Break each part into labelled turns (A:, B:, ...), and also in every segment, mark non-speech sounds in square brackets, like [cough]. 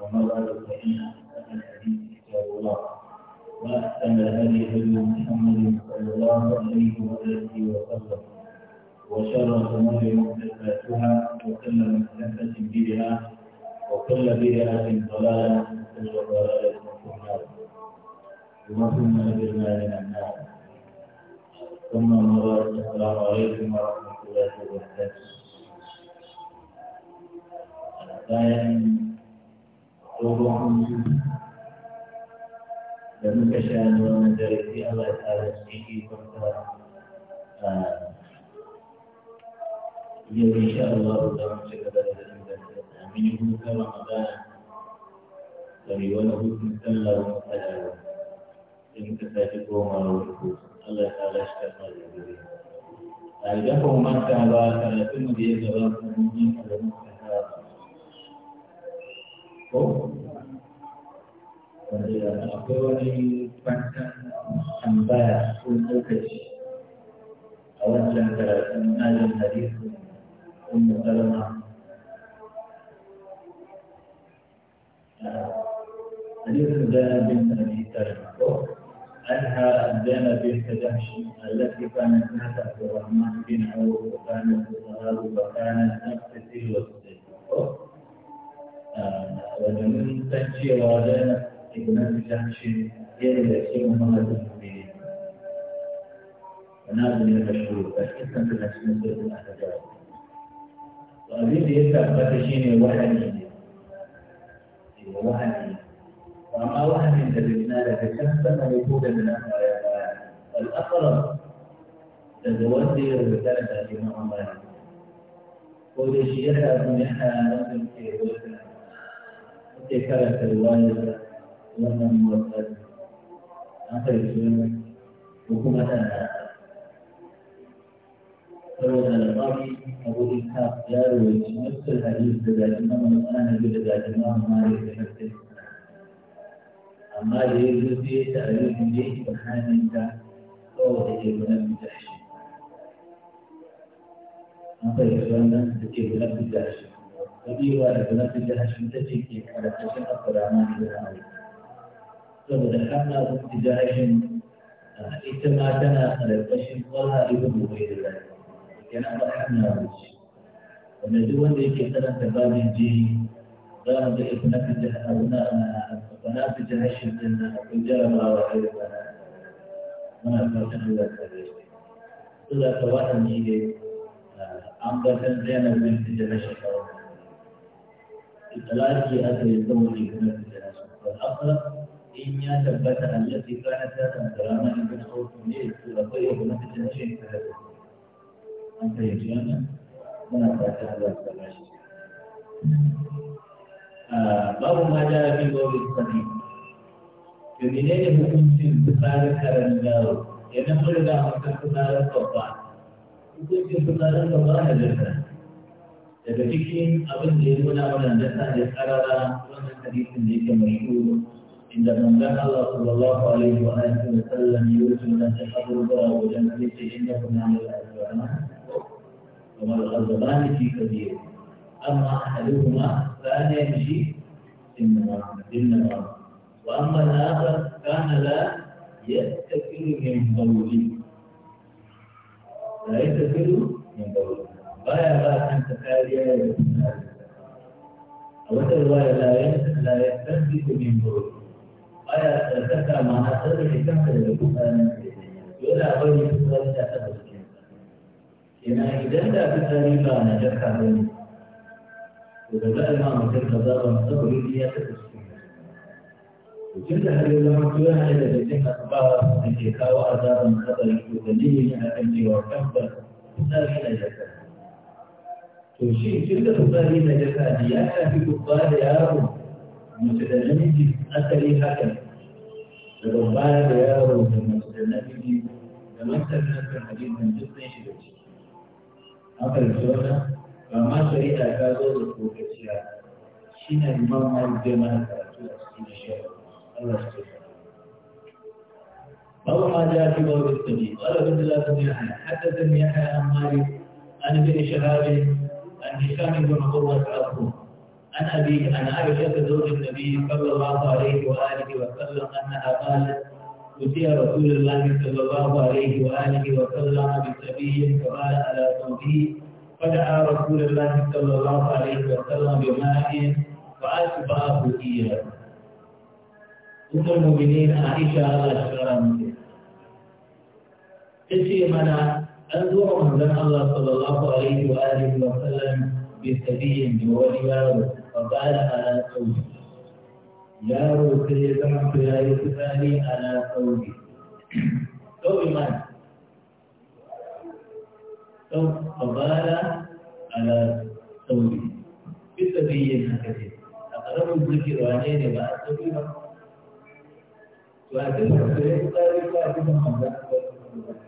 A: وما بعد فإن أحسن الحديث كتاب الله وأحسن الهدي هدي محمد صلى الله عليه وآله وسلم وشر الأمور محدثاتها وكل محدثة بدعة وكل بدعة ضلالة وكل ضلالة في النار اللهم أجرنا من النار ثم مرات السلام عليكم ورحمة الله وبركاته. abubuwan da muka sha ne wani darasi Allah ya tsara shi ikon ta yau sha Allah za mu ci gaba da darasi da amin yi hutun Ramadana da mai wani hutun sallah wani tsada da muka sake goma da wani Allah ya tsara shi kan da gari. A idan ba mu manta ba karatun da ya gabata mun yi kalamun kasara akwai wani kwanton tambaya ko lokaci a wancan karatun ajin hadisu ummu salama
B: حديث زينب بنت ابي
A: سلمه عنها زينب بنت جحش التي كانت تحت عبد الرحمن بن عوف وكانت تغاب وكانت تقتل وتسجد domin san cewa da ikunan fitashin yana da cikin mahaifin mene wani abu ne ka shuru a cikin kanta na cikin sojin a ta to abin da ya tabbata shi ne wahani ne wahani ba ma wahanin da bina daga can sama ne ko da bina baya baya al'akarar daga wanda ya rubuta da tafi ma'amari ko da shi ya tafi ya hana nufin ke wata sai karanta ruwayar wannan wata an karfi ko kuma tana saboda alfari a wurin ta ya rawaci nufsar hadis da zaɗi na mana na biyu da zaɗi na mana da zaɗi amma da ya zo sai ta ayyukan da yake hannun ta kawai da ke gudan mutashi an fahimci wannan da ke gudan mutashi rabiwa da gwamnatin jihar shi ta ce ke halattacin abdulrahman ibn auf saboda hana gwamnatin jihar shi ita ma tana halattacin walha ibn ubaidullah yana ba hana wuce wanda duk wanda yake karanta babin jini za mu ga gwamnatin jihar haruna gwamnatin jihar shi din nan akwai jarabawa irin wannan muna fatan Allah ta rage su za ka waɗanne ne ambatan zainab bin jihar shi kawai جهات أكل الزوج في الجنازة والأقرب إن ثبت التي كانت ذات سلامة بن خوف في لقيه بنفس الجنازة ثلاثة أنت يا جامع من أتاك هذا الثلاثة باب ما جاء في بول الصديق فمنين ممكن تقارن كرنجاو ينقل كل ده ممكن تقارن يقول ممكن تقارن الله هذا daga cikin abin da ya nuna mana nasa da karara wannan hadisin da yake mashhur inda manzon Allah sallallahu alaihi wa alihi wa sallam ya wuce nan da abubuwa wajen kace inda kuna da alwala kuma al-azban fi kabir amma ahaduhuma kana yamshi inma inma wa amma al-akhar kana la yastakilu min bawli la yastakilu min bawli baya ba kanta kariya ya kuma a wata ruwaya la yanzu la yanzu ku min buru baya tsarkaka ma'ana tsarkake kanka daga kusanin dole a bari kusanin da ta basu kenan idan da fitsari ba na jarka ba ne to da za a ma mutum ka zaɓa saboda ya taɓa cikin mutum da har yanzu mutum yana da cikin asaba da ke kawo azaban kabari to dalili ne akan cewa tabbas fitsari na jarka وشيء كل كفاري نجفاتي يا في كفار يا رب متدنمج أثري هكذا لكفار يا رب متدنمج تمثل نفس الحديث من جزء شبكي أما الجوانة فما شريعة كاذو لكوكتيا شين الإمام ما جمال كاتو أسكين الله سبحانه أو ما جاء في باب السبيل قال عبد الله بن يحيى حدثني يحيى عن مالك عن ابن شهاب عن هشام بن قرة عرفه عن أبي عن عائشة زوج النبي صلى الله عليه وآله وسلم أنها قالت أتي رسول الله صلى الله عليه وآله وسلم بسبي فقال على صوته فدعا رسول الله صلى الله عليه وسلم بماء فأتبعه إياه أم المؤمنين عائشة الله شكرا تجي تشي منا أذكر رمضان الله صلى الله عليه وآله وسلم بسبيل بوليا وقال على قولي يا روسي رحمت يا يسفاني على قولي قولي من؟ فقال على قولي بسبيل هكذا أقرب الذكر وعنين بعد سبيل وعنين بعد سبيل وعنين بعد سبيل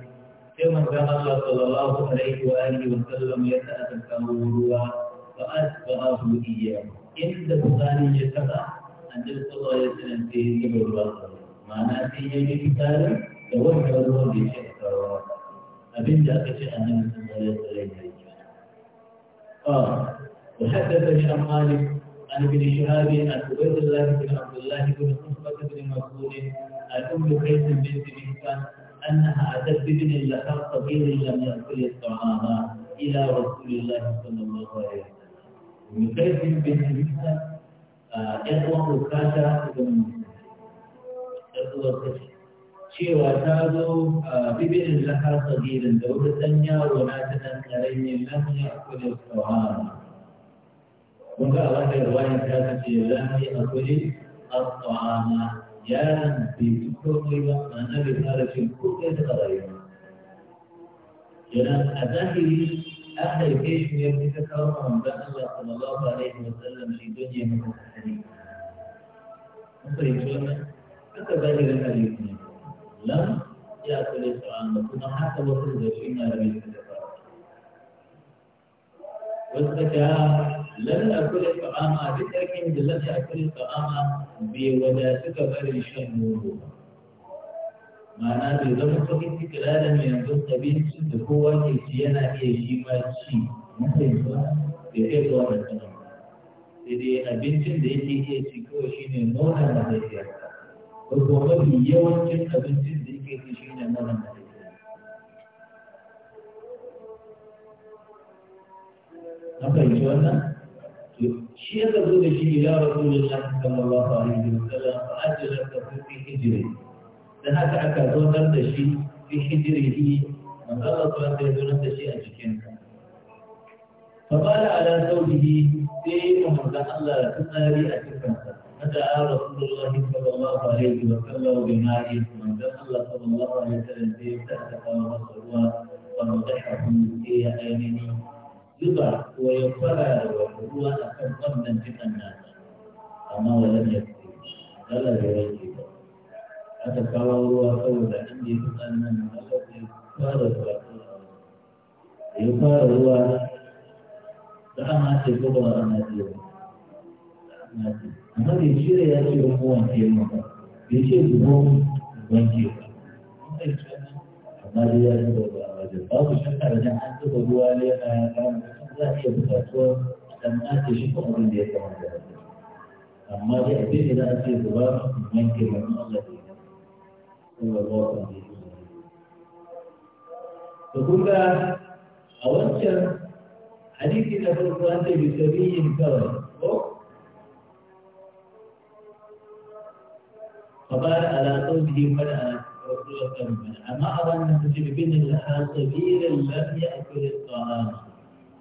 A: يوم كان الله صلى الله عليه واله وسلم يتأذكر وأتبعه إياه إن تبغاني جسدا أن تبقى يسلا ان رجل الله ما نأتي يجي كتابا يوحى الله بشيء أبن جاك شأن من سنوية سليم آه وحدث الشمال عن ابن شهاب عن عبيد الله بن عبد الله بن صفة بن مسعود عن أم قيس بنت بن أنها أتت بابن لها صغير لم يأكل الطعام إلى رسول الله صلى الله عليه وسلم. ومكيف بن موسى آه، يطلق كاشا بن موسى يطلق كاشا. شيء وشاذو آه، بابن لها صغير دورة ثانية ولكن أسلمي لم يأكل الطعام. ومكيف الله يرواني كاشا يأكل الطعام. ya bai ci komai ba annabi fara cin da rayuwa
B: kenan a zahiri
A: an ta kawo don ya maka an fahimci wannan ne lam ya su'an da kuma haka wasu da shi na rabe والزكاة لن أكل الطعام بترك لن أكل suka بوداتك shan شنوه ma'ana bai zama cikin tikirarin yanzu abincin da kowa ke ci yana iya shi ma ci mutum ba da kai zuwa da sana sai dai abincin da yake iya ci kawai shi ne nonon mahaifiyarsa ko kuma yawancin abincin da yake ci shi ne nonon an fahimci wannan shi ya zo da shi ila rasulullah sallallahu alaihi wa sallam fa ajra hijri dan haka aka zaunar da shi fi hijrihi manzo Allah sallallahu alaihi wa da shi a cikin sa fa bala ala saudihi sai manzo Allah tsari a cikin sa فدعا رسول الله صلى الله عليه وسلم بماء من الله صلى الله عليه وسلم تحت قامه الصلوات ونضحهم zuba ko ya fara ruwa a kan wannan jikan nasa amma wajen ya fi Allah ya wanke ba aka kawo ruwa saboda inda ya fi tsannan Allah ya fara ruwa ya fara ruwa da ana ce ko ba ana ba amma bai cire ya ce wani wanke mu ba bai ce zubo wanke ba amma dai ya zuba ba masjid babu shakka an zuba ruwa lema ya kama za a iya buƙatuwar dan nace shi ko abin da ya kama da amma dai abin da za a ce zuba wanke mutum Allah ne sallallahu alaihi to kuka a wancan hadisi na farko an ce bisabiyin kawai ko فقال على قوله فلا أما أظن المجرمين الحاسبين لم يأكل الطعام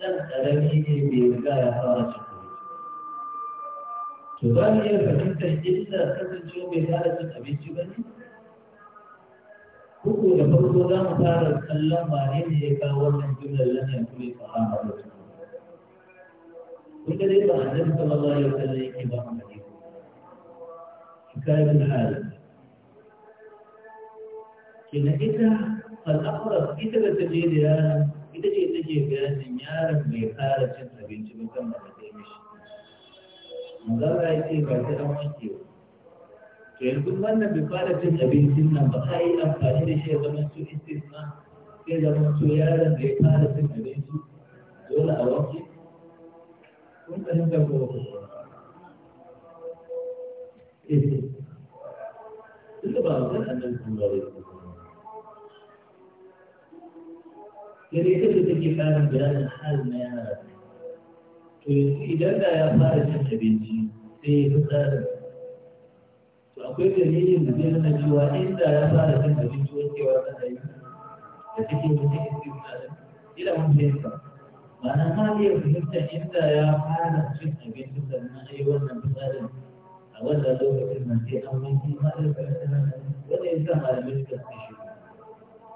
A: لم ألمه بإذكاء خارج الخروج تظاهر فكنت إلا تسجل بذلة أبي الجبني كنت لفضل الله مطار السلام وعليم هيكا ومن جملة لم يأكل الطعام وكذلك عزيز صلى الله عليه وسلم كبار مدينة حكاية الحالة kina ita al'amuran ita da ta je da yaran ita ce ta ke bayanin yaron mai fara cin abinci ba kan da ta yi mishi manzara ya ce ba ta ɗan wanke ba to yanzu wannan bai fara cin abincin nan ba ka yi amfani da shi ya zama su istisna sai zama su yaron da ya fara cin abinci dole a wanke kun fahimta ko ba ku ba ba ba ba ba ba ba ba gare ta da take karin bayanin halin na yara to yanzu idan da ya fara cin abinci sai ya fi tsarin to akwai dalilin da zai nuna cewa inda ya fara cin abinci wankewa tana yi da take wata istimta ila mun fahimta ma'ana ma iya fahimta inda ya fara cin abinci sannan ai wannan tsarin a wannan lokacin nan sai an wanke ma da fahimta wannan yasa malamai suka fi shi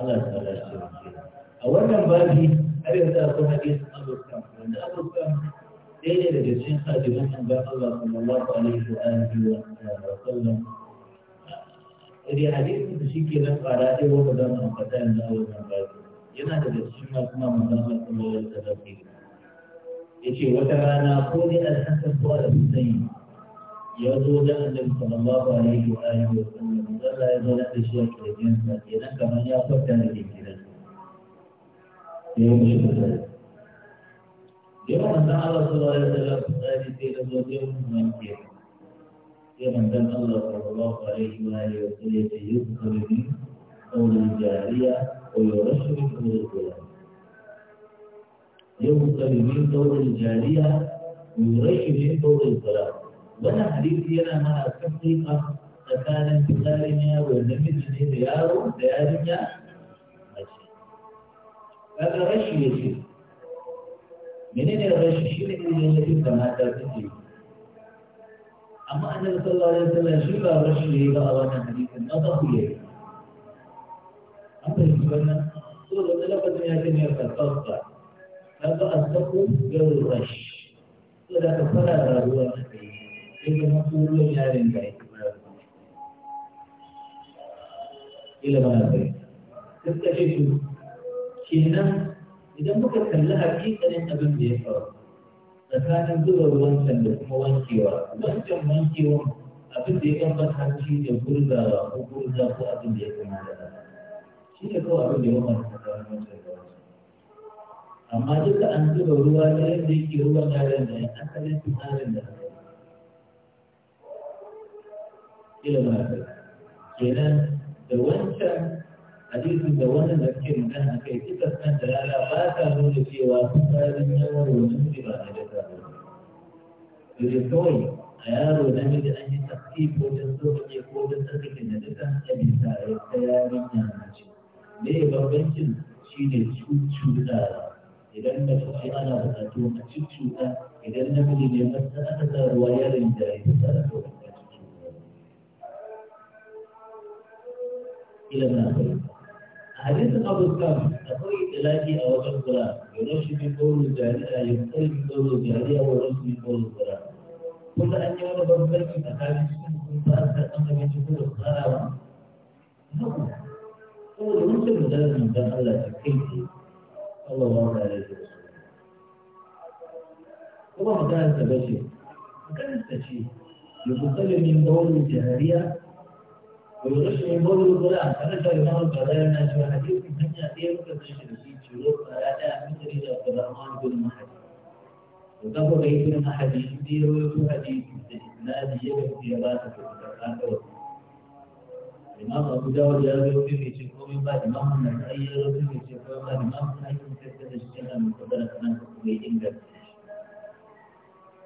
A: Allah ta a wannan babi har yanzu akwai hadisin abokan wanda abokan ɗaya ne daga cikin Allah sallallahu wa da shi ke nan ƙara ɗaya wanda za mu ambata yanzu a wannan babi yana daga cikin masu mamman Allah sallallahu wa ya ce wata rana ko ne da ko يقول النبي صلى الله عليه وآله وسلم ولا يزود الشيء كريم سكينة كما يأخذ تنبيه كريم يوم شكرا يوم أن الله صلى الله عليه وسلم قال في رمضان يوم من كيف يوم أن الله صلى الله عليه وآله وسلم يذكر من قول الجارية ويرشد من الظلام يذكر من قول الجارية ويرشد من قول الظلام wannan hadisi yana mana tafsika tsakanin fitsarin yaro da namiji ne da yaro da yarinya mace kaga rashi ya ce menene rashi shi ne irin yadda da mata suke amma annabi sallallahu alaihi wasallam shi ba rashi ya yi ba a wannan hadisin na zaku ya yi an fahimci wannan so da wani lafazin ya ce ne farfarsa kaga asaku yau rashi so da ka fara rayuwa ilimin ya rinjaye ilimin ya rinjaye suka ce kenan idan muka kalli hakikanin abin da ya faru tsakanin zuba wancan kuma wankewa abin da ya da ko gurza ko abin da ya shi abin da ya amma an zuba ruwa da yadda yake ruwan yaran da ya asalin tsarin da ila mafi kenan da wancan hadisin da wani da suke magana a kai kisa da dalala ba ta nuna cewa sun fitsarin yawon wani ne ba a da ba da kawai a yaro na miji an yi tafi ko ta tsoke ko ta tsarkake da duka a bisa a yi ta yarin yana ce me ya bambancin shi ne cucuɗa idan na fi ana bukatu a cucuɗa idan na miji ne masu aka sa ruwa yarin da ya fi tsara إلى ما حديث أبو الكعب أخوي إلهي أو أخرى يرش من قول الجاهلية يقتل من قول الجاهلية ويرش من قول القرآن قلت أن يرى بابك أحاديث كنت أخاك أنت أنت من شكور القرآن هو المسلم مجرد من كان الله تكفيه صلى الله عليه وسلم هو مكان التبشير مكان التشير يقتل من قول الجاهلية ويغش يمر الغلام فنسى يمر قضايا الناس وحديث من يأتيه كبشر في شروط فلا مثل إلى عبد الرحمن بن محمد وكفر بيت بن أحد يدير ويكون حديث استثناء يجب اختيارات في القرآن الإمام أبو داود يروي في شكوى بعد إمام النسائي يروي في شكوى بعد إمام أحمد كتب الشيخ من قبل أسنان كتب الإنجليزي.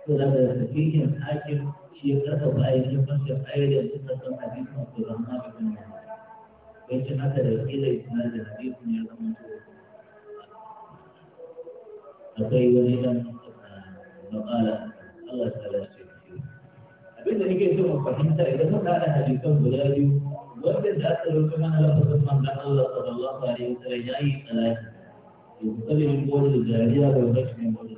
A: فلما فيه الحاكم shi ya sarrafa ayyukan kwanciyar ayyukan suka san a Abdurrahman ibn Mahmud bai ce haka da kila isnadin hadisin ya zama to akwai wani dan eh, maƙala Allah ta abin da nake so mu fahimta idan muka haɗa hadisan guda biyu wanda da aka rubuta mana lafazin manzon Allah sallallahu alaihi wasallam ya yi salati ya kusa da da jariya da wani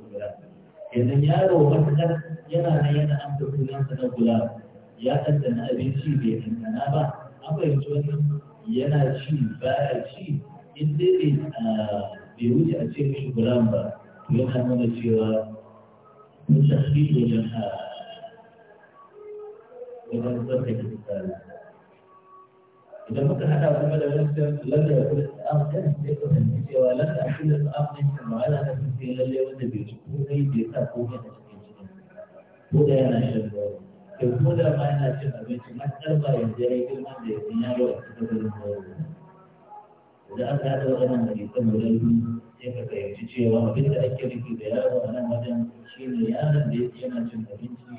A: idan yaro matuƙar yana nan yana amsa sunansa na gula ya ɗanɗana abinci bai ɗanɗana ba an fahimci wannan yana ci ba ya ci in dai bai wuce a ce mishi ba to yana nuna cewa mun tafi wajen wajen tsarkake tsari idan muka hada kuma da wancan lalle ya kula da am din sai ka fahimci cewa lalle a kula da am din kan ma'ana ta fi lalle wanda bai ci ko komai bai sa ko komai a cikin cikin ko da yana shan goro to ko da ma yana cin abinci matsar ba yanzu ya yi girma da ya san yaro a cikin gurin goro idan aka hada waɗannan hadisan guda biyu sai ka fahimci cewa abin da ake nufi da yaro a nan wajen shine yaron da ya yake yana cin abinci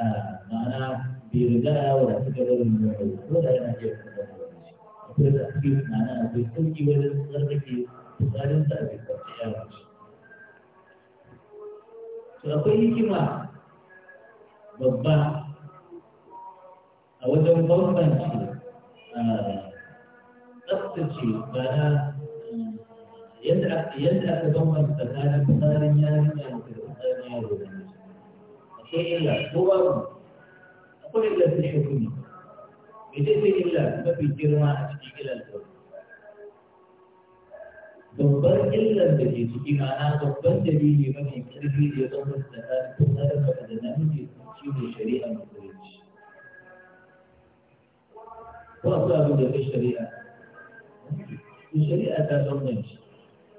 A: a ma'ana bai riga ya wadatu ga barin yau ko da yana iya kuma akwai da ake tunanin akwai sauki wajen tsarkake tsarin da a bai kwanci yawon shi to akwai hikima babba a wajen bambance tsaftace ba na yadda aka bambanta tsakanin tsarin yarinya da tsarin yaro da akwai illa ko babu قل الذي يحكمني بإذن الله ما في جرمة أشتيك إلى الكل دبر إلا الذي تجي معنا دبر دليل من يكتفي يضم الزهار تصار فقد نمت تشير الشريعة مخرج وأصاب ذلك الشريعة الشريعة تصمج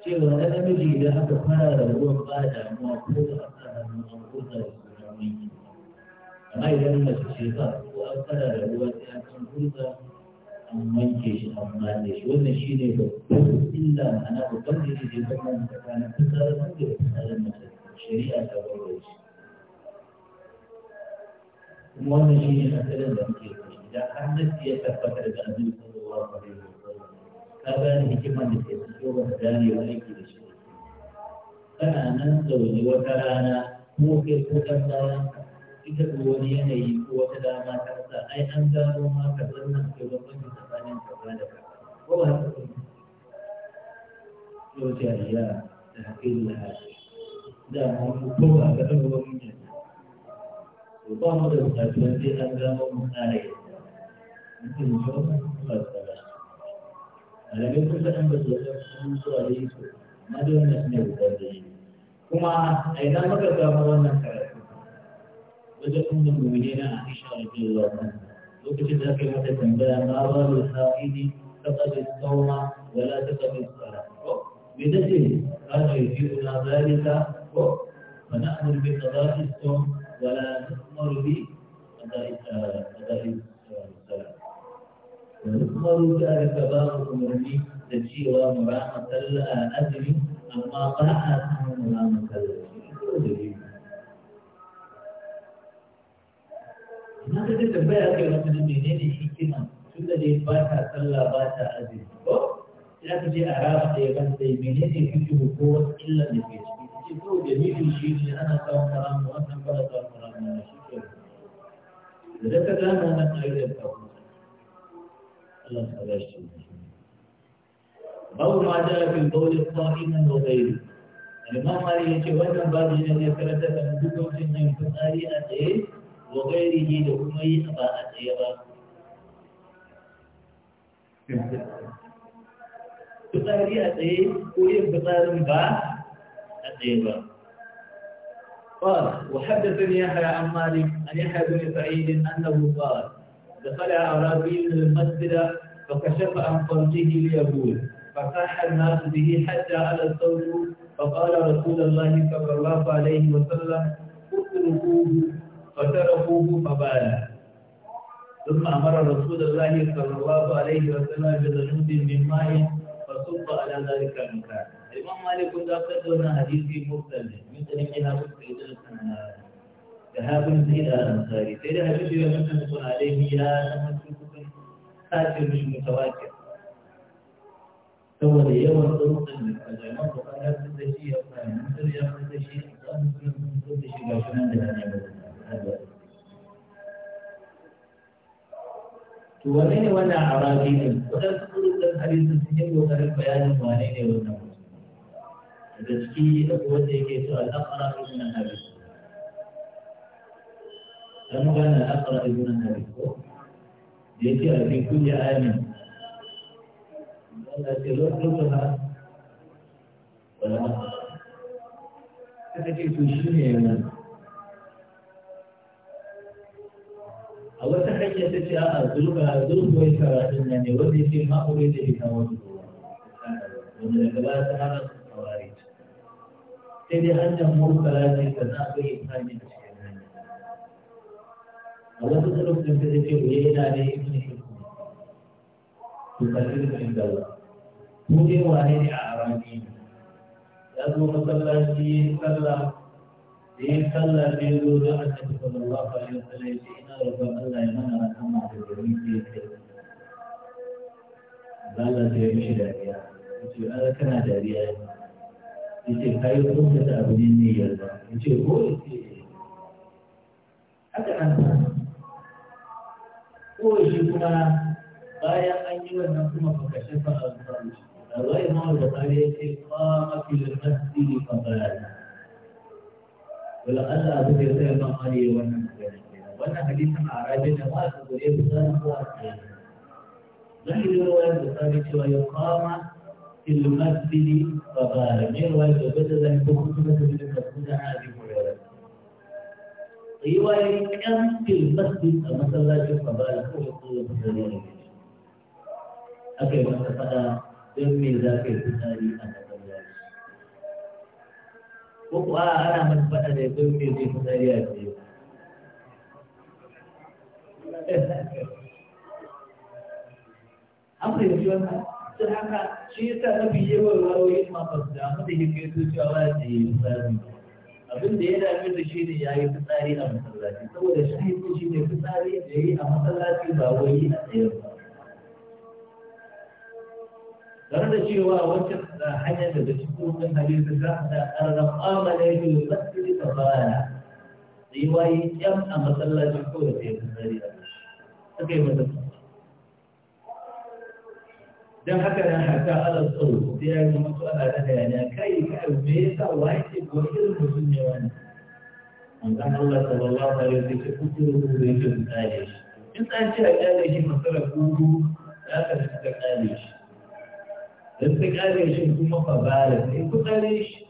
A: شيخ أنا لم أجد أحد قال هو قال موقوف أصاب موقوف أصاب موقوف
B: amma idan ba su ce ba
A: ko an fara rabuwa sai an kan hulɗa an wanke shi an matse shi wannan shi ne babban illa ma'ana babban da yake jefa man tsakanin fitsarin mace da fitsarin mace shari'a ta gwada shi kuma wannan shi ne asalin da muke kai idan an nasi ya tabbatar da annabi sallallahu alaihi wasallam ka gane hikimar da ke cikin wata ganewa aiki da shi kana nan zaune wata rana ko kai ko ɗan bayan ka ita ko wani yanayi ko wata dama ta sa ai an gano ma ka zannan kai bambanci tsakanin kaza da kaza ko ba haka ba yau jariya da haƙin lahashi da ma mu ko ba ga ɗan ruwan mun yanzu to ba mu da bukatuwa sai an gano mu ƙara yanzu mutum ne ba ba tsara malamai kun faɗin ba su wajen sun zuwa da yi su amma dai wannan shi ne gudanar da yi kuma a idan muka samu wannan karatu wajen umar mummune na Aisha radiyallahu anha lokacin da aka yi mata tambaya ma ba mu ha'idi taqadi sawma wa la taqadi sala ko me dace kana yujibuna zalika ko fa na'muru bi qada'i sawm wa la na'muru bi qada'i qada'i sala wa na'muru bi al-kaba'u umurni da cewa mu rama sallah azumi amma ba a samun mu rama sallah in ka ji tambaya kai wata ne menene hikima tun da dai ba ta sallah ba ta azumi ko ya ka ce a raba da yaban sai menene hikima ko wata illa da ke ciki ce ko da nufin shi ne ana samun haramu wannan ba da samun haramu na shi ke da da ka gano wannan ayyukan ka Allah ta ba shi babu ma jara fil qawli qa'iman wa ghayrihi al-imam Ali yace wannan babu ne da ya karanta da dukkan yin fitsari a tsaye وغيره gairihi da kuma yi ba a tsaye ba fitsari a قال وحدثني يحيى عن مالك عن يحيى بن سعيد انه قال دخل اعرابي المسجد فكشف عن قلبه ليقول فصاح الناس به حتى على الثور فقال رسول الله صلى الله عليه وسلم اتركوه فتركوه فبالا ثم أمر رسول الله صلى الله عليه وسلم بذنوب من ماء فصب على ذلك المكان الإمام مالك ذكر لنا حديث مرسل من طريق هابل سيد الأنصاري هابل سيد الأنصاري سيد هابل يمتنق عليه يا ساتر مش متواتر saboda yawan tsoron da kalmar bukata هذا da shi ya fara mutum ya fara da shi a tsarin sun da shi ga shi nan to wane ne wannan arabi ne waɗansu kurukan hadisi sun yi ƙoƙarin bayanin wane ne wannan daga ciki abu wanda yake so al'akara ibn abi dan magana al'akara ibn abi ko da yake a cikin kulli ayamin Allah ce lokacin ha wala ta ce to shi ne yana a wata hanyar ta ce a zurga zurga ya karatun nan ne wanda ya ce ma aure da ita wani wanda daga baya ta hana su kawari
B: sai dai hanyar murkala ne ka
A: na akwai imani a cikin hanyar a wasu tsarafin ta ce ya yi na ne ibn hikmu to kalli da shi gaba ko dai wane ne a arabi ya zo masallaci sallah إن صلى بيقول النبي صلى الله عليه وسلم إن رب الله يمنع رحمة الجميع في بل تيمشي داريا يجي أنا كنا داريا يجي كاي كنت تأبنين نيجا يجي هو يجي haka nan ba ko shi kuma bayan an yi wannan kuma baka shafa alfarma da zai ma da kare ya ce kama filin masjidi fa bayana wala Allah abu da sai ban hali wannan wannan hadisin a rabin da ba su gure su san ko a tsaye dan yi ruwayar da sai cewa ya qama fil masjid fa qala ne ruwayar da bada zan ko kuma da da da abi hurairah riwayar kan fil masjid a masallacin fa qala ko ko da ne akai masa fada don me za ka yi fitari a ko kuwa ana mata faɗa da ya zo ke zai fitsari a tsaye an fahimci wannan sun haka shi yasa mafi yawan rawoyin ma ba su damu da yake zuciya ba da yi fitsari abin da ya dame da shi ne ya yi fitsari a masallaci saboda shahidi shi ne fitsari da yi a masallaci ba wai a tsaye ba tare da cewa wancan faɗa hanyar daga cikin wannan hadisi za a da ƙarar ƙama ne yi masjidi ta baya sai wayi ƙyam a masallacin ko da sai tsari aka yi masa dan haka nan haka ala tsoro sai ya yi mutu ala da hayaniya kai kai me yasa waye ke ko irin mutum ne wani an kan Allah sallallahu alaihi wasallam ya kuskure ko da yake tsare shi in tsare shi a ƙyale shi masarar kudu za ka da tsare shi don ta ƙare shi kuma fa bara sai ku ƙare shi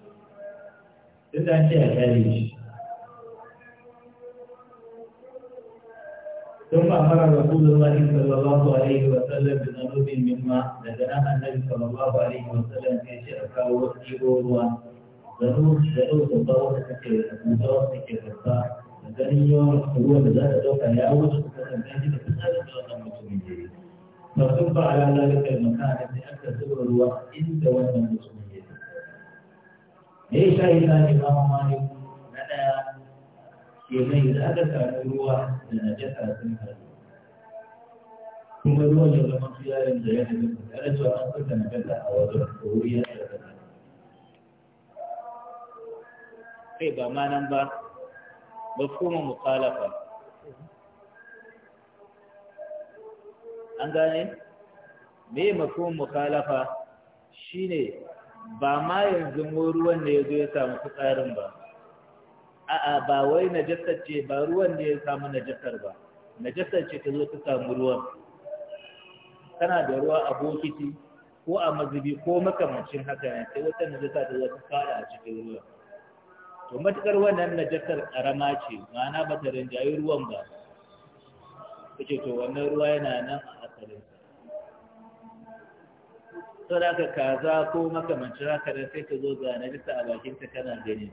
A: ثم أمر رسول الله صلى الله عليه وسلم بنلوب من ماء لدناها النبي صلى الله عليه وسلم في شركة وإيبوروا ضرور ضرور تطور تكير مطور تكير فالدنيا هو بذات دوكا يا أول شخص تنتهي بتسالة وأنا مطمئن فصب على ذلك المكان الذي أكثر الوقت انت وزن المسلمين ليش إذا الإمام مالك لنا يميز أدفع الروح لنجفة سنه ثم الروح لما خلال الزيادة من ألس وأن كنت نجفة أو ضرورية طيب ما ننبه مفهوم مخالفة an gane me mafhum mukhalafa shine ba ma yanzu mu ruwan ne zo ya samu fitsarin ba a'a ba wai najasar ce ba ruwan ne ya samu najasar ba najasar ce ta zo ta samu ruwan tana da ruwa a bokiti ko a mazubi ko makamancin haka ne sai wata najasa ta zo ta fara a cikin ruwan to matukar wannan najasar karama ce ma'ana ba ta rinjayi ruwan ba kace to wannan ruwa yana nan hankalinsa sau da aka kaza ko makamancin haka da sai ka zo zane bisa a bakinta kana gani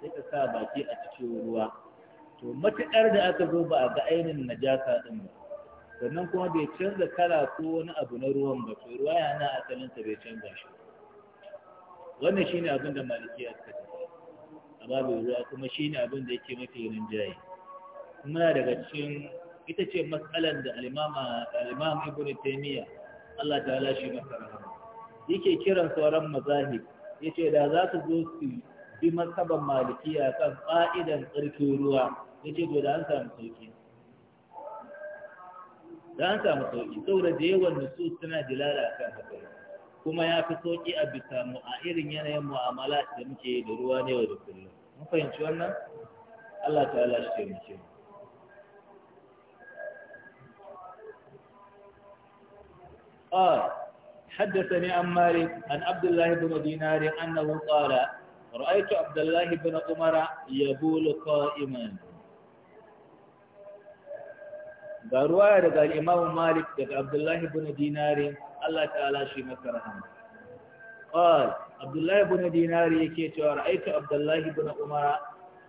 A: sai ka sa baki a cikin ruwa to matuƙar da aka zo ba a ga ainihin najasa ɗin ba sannan kuma bai canza kala ko wani abu na ruwan ba to ruwa yana asalinsa bai canza shi
B: wannan shine abin da
A: maliki ya tafi a babu ruwa kuma shine abin da yake mafi rinjaye muna daga cikin ita ce matsalan da al'imam ibn taimiyya Allah ta lashe masa rahama yake kiran sauran mazahib ya ce da za su zo su bi masaban malikiya kan fa'idan tsarkin ruwa ya ce to da an samu sauki da an samu sauki saboda da yawan nusu suna dilala kan haka kuma ya fi sauki a bisa mu a irin yanayin mu'amala da muke da ruwa ne yau da kullum mun fahimci wannan Allah ta lashe mu قال حدثني عن مالك عن عبد الله بن دينار انه قال رايت عبد الله بن عمر يبول قائما رواية قال الإمام مالك عبد الله بن دينار الله تعالى شي مكرهم قال عبد الله بن دينار يكيت رأيت عبد الله بن عمر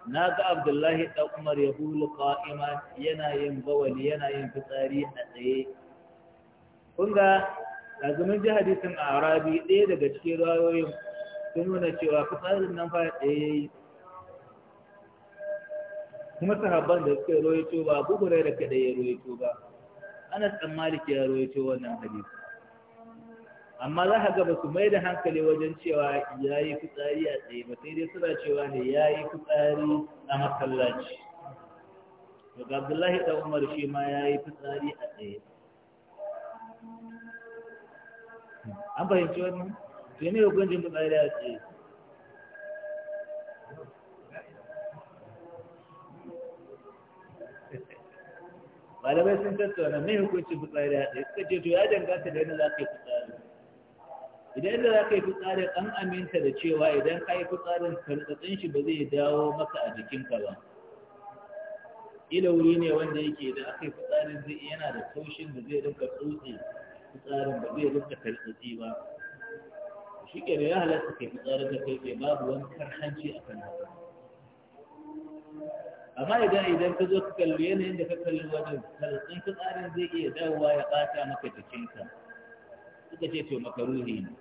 A: ناد عبد الله بن عمر يقول قائما ينا ينبول ينا ينفطاري kun ga azumin ji hadisin arabi ɗaya daga cikin rayoyin sun nuna cewa fitsarin nan fa ɗaya ya yi kuma sahabban da roye to ba abu rai da kaɗai ya to ba ana maliki ya to wannan hadisi amma za ka ga ba su mai da hankali wajen cewa ya yi fitsari a tsaye ba sai dai suna cewa ne ya yi fitsari a masallaci daga abdullahi ɗan umar shi ma ya yi fitsari a tsaye an fahimci wannan to ne hukuncin fitsari a tsaye malamai sun tattauna mai hukuncin fitsari a tsaye suka ce to ya danganta da yadda za ka yi fitsari idan yadda za ka yi fitsari an aminta da cewa idan ka yi fitsarin tartsatsin shi ba zai dawo maka a jikinka ba ila wuri ne wanda yake da aka yi fitsarin zai yana da taushin da zai rinka tsotse fitsarin ba zai rika tartsatsi ba shi ke ya halatta kai fitsarin da kai kai babu wani karhanci a kan haka amma idan idan ka zo ka kalli yanayin da ka kalli wajen tartsatsin fitsarin zai iya dawowa ya ɓata maka jikinka suka ce to maka ruhi ne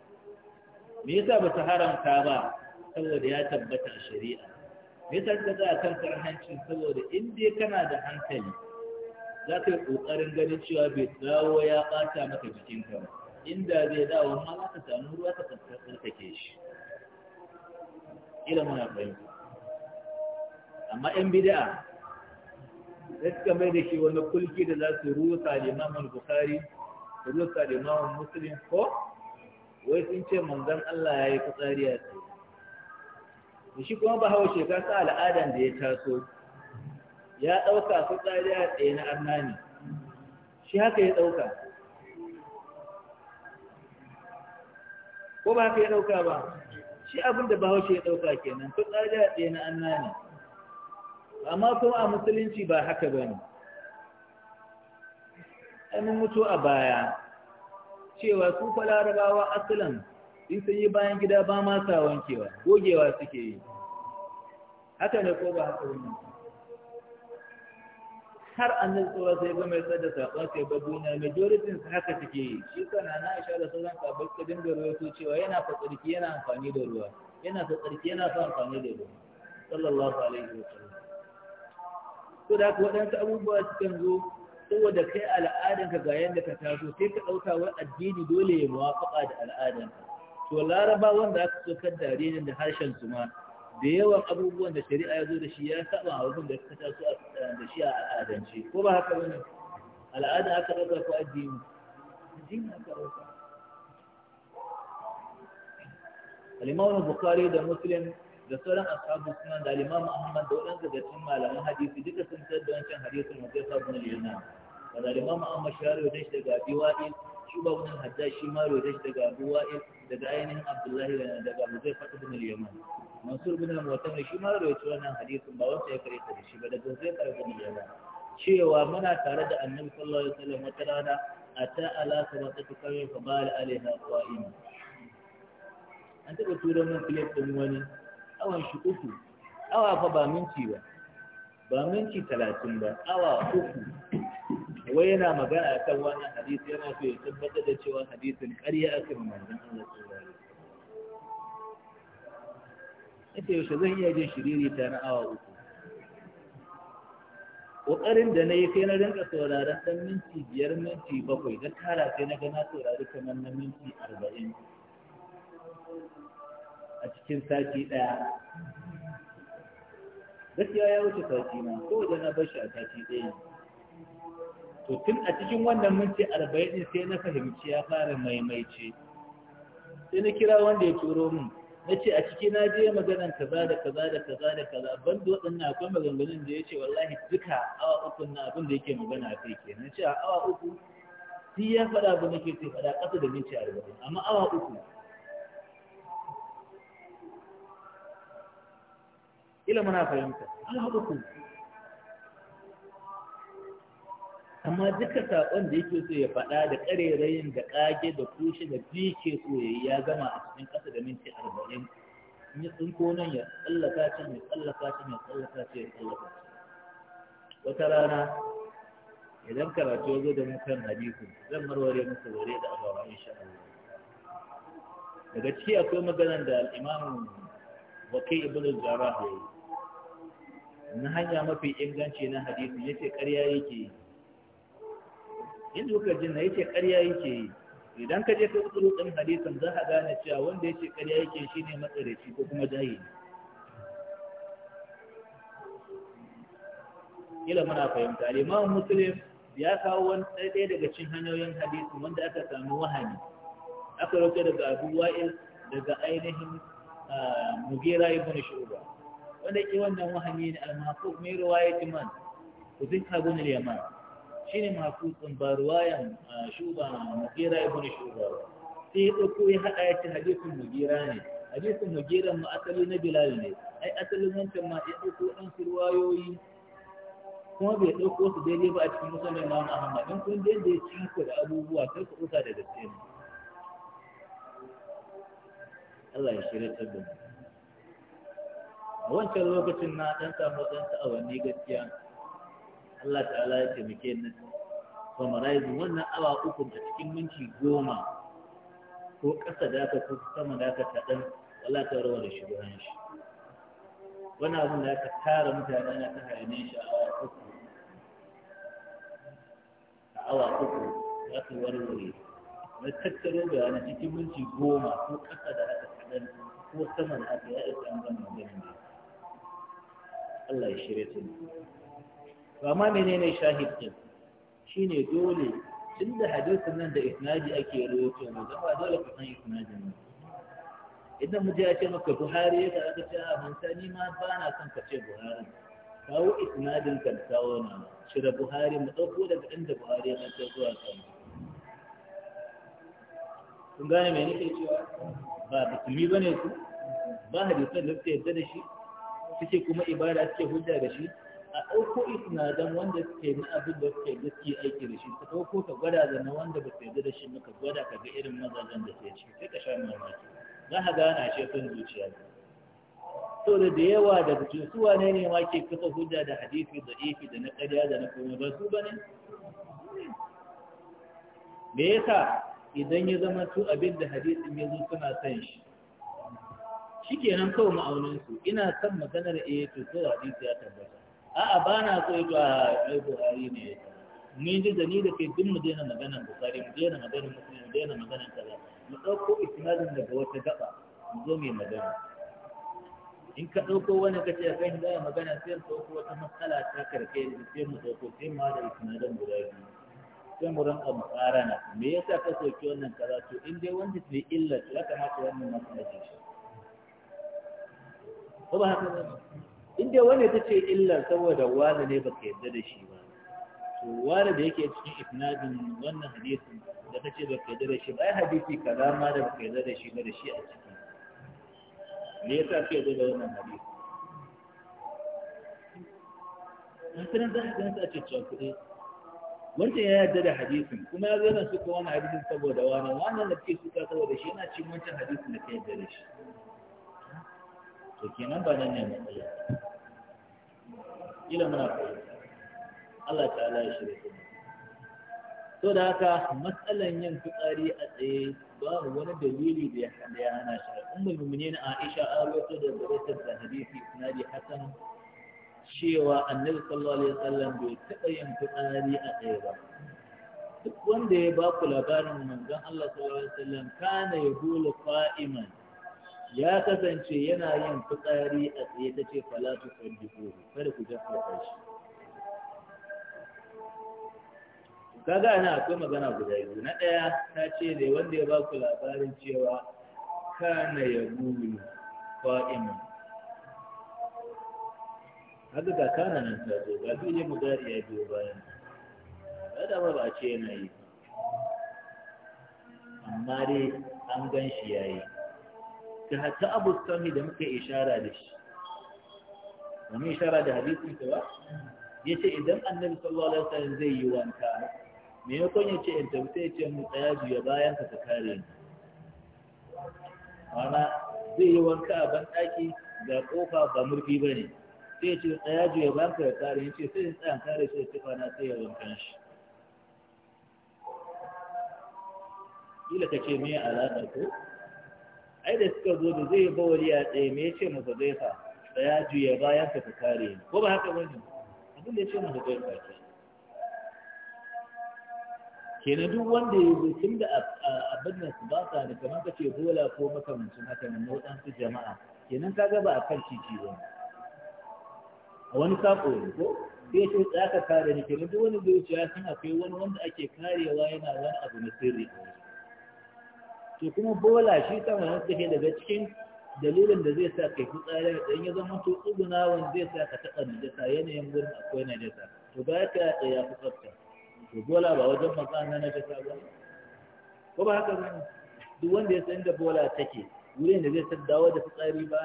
A: me yasa ba su haramta ba saboda ya tabbata a shari'a me yasa ka tsaya kan karhancin, saboda in dai kana da hankali za ka yi ƙoƙarin ganin cewa bai dawo ya ɓata maka jikinka ba inda zai dawo ma za ka samu ruwa ka tsarkake shi ila muna bayan amma yan bid'a sai suka mai da shi wani kulki da za su rusa limamin bukari su rusa limamin musulun ko wai sun ce manzan Allah ya yi fitsari a tsaye shi kuma ba hawa sa al'adan da ya taso ya ɗauka fitsari a tsaye na annani shi haka ya ɗauka ko ba haka ya ɗauka ba shi abin da bahaushe ya ɗauka kenan fitsari a tsaye na annani amma kuma a musulunci ba haka ba ne mun mutu a baya cewa su fa larabawa asalin, in sun yi bayan gida ba ma sa wankewa gogewa suke yi haka ne ko ba haka wani har an sallallahu sai ba mai tsada saƙon sai ba duniya majoritin su haka take yi shi kana na isha da sauran sahabbai ka dinga rawaito cewa yana fatsarki yana amfani da ruwa yana fatsarki yana sa amfani da ruwa sallallahu alaihi sallam to da haka waɗansu abubuwa sukan zo saboda kai ka ga yadda ka taso sai ka ɗauka wani addini dole ya muwafaƙa da ka to laraba wanda aka so kan dare da harshen su ma da yawan abubuwan da shari'a ya zo da shi ya saba a da suka taso eh, da shi a al'adance ko ba haka bane al'ada aka ɗauka ko addini addini aka ɗauka al-imam bukhari da muslim da sauran ashabu suna da al-imam ahmad da waɗansu da cin malaman hadisi duka sun tsar da wancan hadisin wajen sabon al-yana da al-imam ahmad ya da shi daga abiwa'il shi ba wani hadda shi ma rodashi daga abiwa'il daga ainihin abdullahi da daga muzai fata bin al-yaman mansur bin al-muwatta shi ma rawaito wannan hadisin ba wanda ya karanta da shi ba daga muzai fata bin al-yaman cewa muna tare da annabi sallallahu alaihi wasallam wata rana ata ala sabaqati kamar fa bal alaiha qa'im an taba tura min plate din wani awa shi uku awa fa ba minti ba ba minti talatin ba awa uku wai yana magana akan wannan hadisi yana so ya tabbatar da cewa hadisin ƙarya aka yi manzon Allah sallallahu alaihi wasallam ita yaushe zan iya jin shiriri ta na awa uku ƙoƙarin da na yi sai na rinka sauraron ɗan minti biyar minti bakwai na tara sai na gana na saurari kamar na minti arba'in a cikin sati ɗaya gaskiya ya wuce sati na ko na bashi a sati ɗaya to tun a cikin wannan minti arba'in sai na fahimci ya fara maimaice sai na kira wanda ya turo min na ce a ciki na je maganan kaza da kaza da kaza da kaza ban da waɗannan akwai maganganun da ya ce wallahi duka awa uku na abin da yake magana kai ke na ce a awa uku shi ya faɗa abin da ke sai faɗa ƙasa da minti arba'in amma awa uku ila muna fahimta awa uku amma duka saƙon da yake so ya faɗa da ƙarerayin da ƙage da kushe da bike so ya yi ya gama a cikin ƙasa da minti arba'in in ya tsinko nan ya tsallaka shi ya tsallaka shi ya tsallaka shi ya tsallaka wata rana idan karatu ya zo da mukan hadisu zan marware musu ware da abawa insha Allah daga ciki akwai maganar da al'imamu wakil ibn jarrah ya yi na hanya mafi inganci na hadisi yace ƙarya yake yi kuka suka na yake ƙarya yake yi idan ka je ka tsuru ɗin hadisan za a gane cewa wanda yake ƙarya yake shine matsaraci ko kuma ne kila muna fahimta al Muslim ya kawo wani ɗaya daga cikin hanyoyin hadisi wanda aka samu wahani aka rauke daga abu wa'il daga ainihin mugira ibn shu'ba wanda ke wannan wahani ne al-mahfuz mai riwayat man kuzin abun al-yaman ne masu ba ruwayan shuba mugira ibn shuba sai ya dauko ya haɗa ya ce hadisin mugira ne hadisin mugira mu asali na bilal ne ai asalin wancan ma ya dauko an surwayoyi kuma bai ɗauko su daidai ba a cikin musamman ma Muhammad in kun je da ya cika da abubuwa sai ku dauka da gaske ne Allah ya shirya tabbata a wancan lokacin na ɗan samu ɗan awanni gaskiya Allah ta'ala ya taimake ni summarize wannan awa uku a cikin minti goma ko ƙasa da aka ko sama da aka ɗan Allah ta rawa da shugaban shi
B: wannan abin da aka
A: tara mutane na ta hayane shi a awa uku a awa uku za ka warware na tattaro bayanan cikin minti goma ko ƙasa da aka ɗan ko sama da aka ya isa an gama ganin Allah ya shirya ta amma menene shahid din shine dole tun da hadisin nan da isnadi ake rawaito ne zama dole ka san isnadi ne. idan mu je a ce maka buhari ya aka ce a ah, manta ni ma ba na son ka ce buhari kawo isnadin ka da kawo na shira buhari mu ɗauko daga inda buhari ya kanta zuwa kan kun gane mai nake cewa ba musulmi ba ne su ba hadisan da suke yadda da shi suke kuma ibada suke hujja da shi a ɗauko isnadan wanda suke na abin da suke gaske aiki da shi ka ɗauko ka gwada da na wanda ba yarda da shi ba ka gwada ka ga irin mazajen da suke ciki sai ka sha mamaki za ka gana shi sun zuciya ne so da da yawa daga cikin su wane ne ma ke kafa hujja da hadisi da ifi da na ƙarya da na kuma ba su ba ne me yasa idan ya zama su abin da hadisin ya zo suna san shi shikenan kawai ma'auninsu ina son maganar eh to ko hadisi ya tabbata a'a ba na so aiko a buhari ne ni ji da ni da ke duk mu daina maganar buhari mu daina maganar Musulmi, mu daina maganar kaza mu ɗauko isnadin daga wata gaba mu zo mai magana in ka ɗauko wani kace a kan da magana sai mu ɗauko wata matsala ta da sai mu ɗauko sai mu da isnadin guda biyu sai mu rinka mu na. me yasa ka soki wannan kaza to in dai wanda bai illa ya kamata wannan matsala ce ko ba haka ne inda wani ta ce illar saboda wani ne baka yarda da shi ba to wani da yake cikin isnadin wannan hadisin da ta ce baka yarda da shi ba ai hadisi kaza ma da baka yarda da shi ba da shi a ciki me yasa ka yarda da wannan hadisi nasarar za a gan a cikin kuɗi wancan ya yarda da hadisin kuma ya zana suka wani hadisin saboda wani wannan da ke suka saboda shi yana cin wancan hadisin da ka yarda da shi to kenan ba nan ne matsala ila muna fahimta Allah ta ta'ala ya shirya kuma to da haka matsalan yin fitsari a tsaye babu wani dalili da ya hada ya hana shi ummul mu'minin Aisha an rawaito da bayyana da hadisi sanadi hasan cewa annabi sallallahu alaihi wasallam bai taɓa yin fitsari a tsaye ba duk wanda ya ba ku labarin manzon Allah sallallahu alaihi wasallam kana yaqulu qa'iman ya kasance yana yin fitsari a tsaye ta ce falatu tsaddiqo kada ku jafa shi kaga ana akwai magana guda biyu na ɗaya ta ce ne wanda ya ba ku labarin cewa kana ya gulu haka ga kana nan ta zo ga mu mudari ya biyo bayan ba da ba ba ce yana yi amma dai an gan shi ya yi da hatta abu sami da muka ishara da shi wani ishara da hadisin ta ba ya ce idan annabi sallallahu alaihi wasallam zai yi wanka me ya kun ce in tabbata ya ce mu tsaya juya bayan ka kare ni mana zai yi wanka a ban daki ga kofa ba murfi ba ne sai ya ce tsaya juya bayan ka kare ni ce sai in tsaya kare shi ya da na sai ya wankan shi kila ka ce me alaƙa ko ai da suka zo da zai bawali a tsaye me yace zai sa da ya juya ya tafi kare ni ko ba haka bane abin da yace mu zaifa ke kenan duk wanda ya zo tunda abin da su ba sa da kamar ka ce bola ko makamancin haka na waɗansu jama'a kenan ka gaba ba a kan titi wani a wani sako ne ko sai ce tsaka kare ni kenan duk wani zuciya sun akwai wani wanda ake karewa yana wani abu na sirri a wajen to kuma bola shi kan wannan take daga cikin dalilin da zai sa kai fitsari dan ya zama to tsuguna wanda zai sa ka taɓa najasa yanayin wurin akwai najasa to ba ka da ya fi tsafta to bola ba wajen matsa na najasa ba ko ba haka bane duk wanda ya san da bola take wurin da zai sa dawo da fitsari ba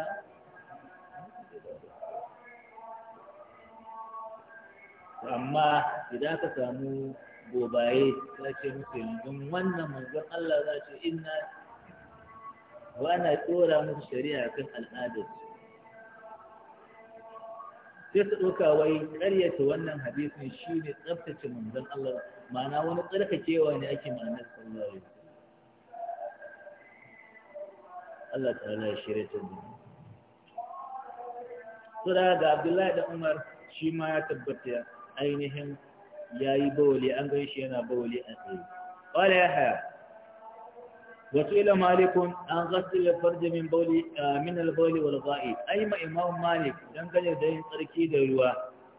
A: amma idan ka samu gobaye za ce musu yanzu wannan manzon Allah za ce inna wa na tsora musu shari'a kan al'adar sai su ɗauka wai ƙaryata wannan hadisin shi ne tsabtace manzon Allah ma'ana wani tsarkakewa ne ake ma'anar sallallahu alaihi Allah ta'ala ya shirya ta duniya. Sura ga Abdullahi da Umar shi ma ya tabbata ainihin yayi yi bawali an gan shi yana bawali a tsaye wala ya haya wasu ila malikun an gasu da farji min bawali min albawali wal ga'i ai ma imam malik dan dangane da yin tsarki da ruwa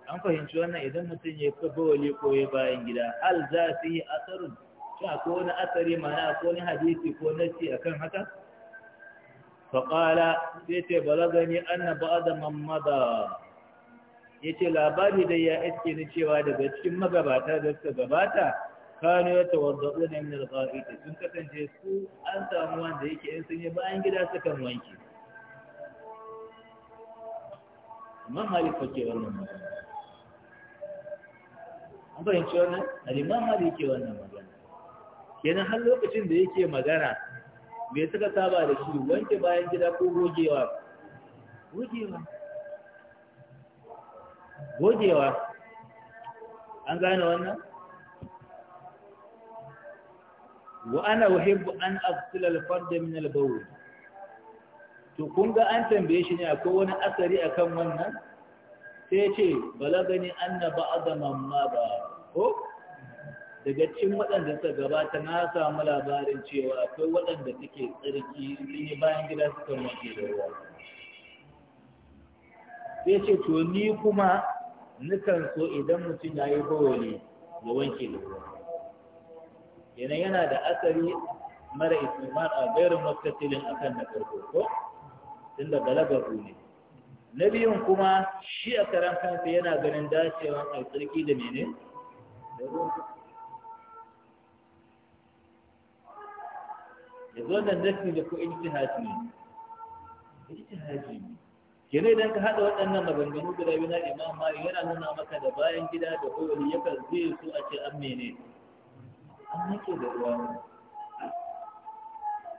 A: an fahimci wannan idan mutum ya ka bawali ko ya bayan gida al za su yi asarun shi ko na asari mana ko na hadisi ko nasi akan haka فقال سيتي بلغني أن an na مضى ya ce labari dai ya iske ni cewa daga cikin magabata da suka gabata kano ya tawaddu ne min al-qa'idi sun kasance su an samu wanda yake in sun yi bayan gida suka wanke imam malik fa ke wannan magana an fahimci wannan al-imam malik ke wannan magana kenan har lokacin da yake magana me suka saba da shi wanke bayan gida ko gogewa gogewa gojewa an gane wannan wa ana uhibbu an afsila al-fard min al-bawl to kun ga an tambaye shi ne akwai wani asari akan wannan sai ya ce balagani anna ba'da mamma ba ko daga cikin waɗanda suka gabata na samu labarin cewa akwai waɗanda suke tsarki sun bayan gida suka mace da ruwa sai ce to ni kuma nukan so idan mutum ya yi bawali ya wanke da ruwa yana yana da asali mara isimar a gairin makasilin akan na farko ko tun da galaba ne na biyun kuma shi a karan kansa yana ganin dacewan a tsarki da mene da zo da wannan nasi da ko ijtihadi ne ijtihadi ne kene idan ka haɗa waɗannan maganganu guda biyu na imam mali yana nuna maka da bayan gida da kowani yakan zai so a ce an mene an nake da ruwa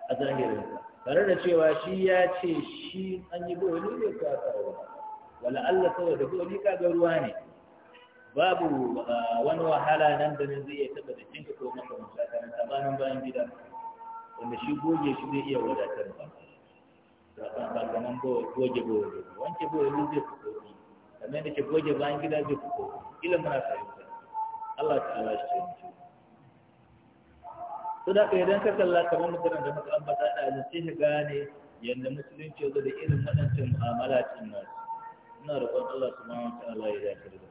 A: a zahirin tare da cewa shi ya ce shi an yi boli ne ko aka wala Allah saboda boli kaga ruwa ne babu ah, wani wahala nan da nan zai iya taba da cinka ko maka musaka na tabanin bayan gida wanda shi goge shi zai iya wadatar ba ba kaman goge goge wanke goge zai fi kofi kamar da ke goge bayan gida zai fi kofi ila muna fahimta Allah ta ala shi ce to da ka idan ka kalla kamar mutum da muka ambata da azin sai ka gane yadda musulunci ya zo da irin waɗancan mu'amala cin nasu ina roƙon Allah subhanahu wa ta'ala ya dace da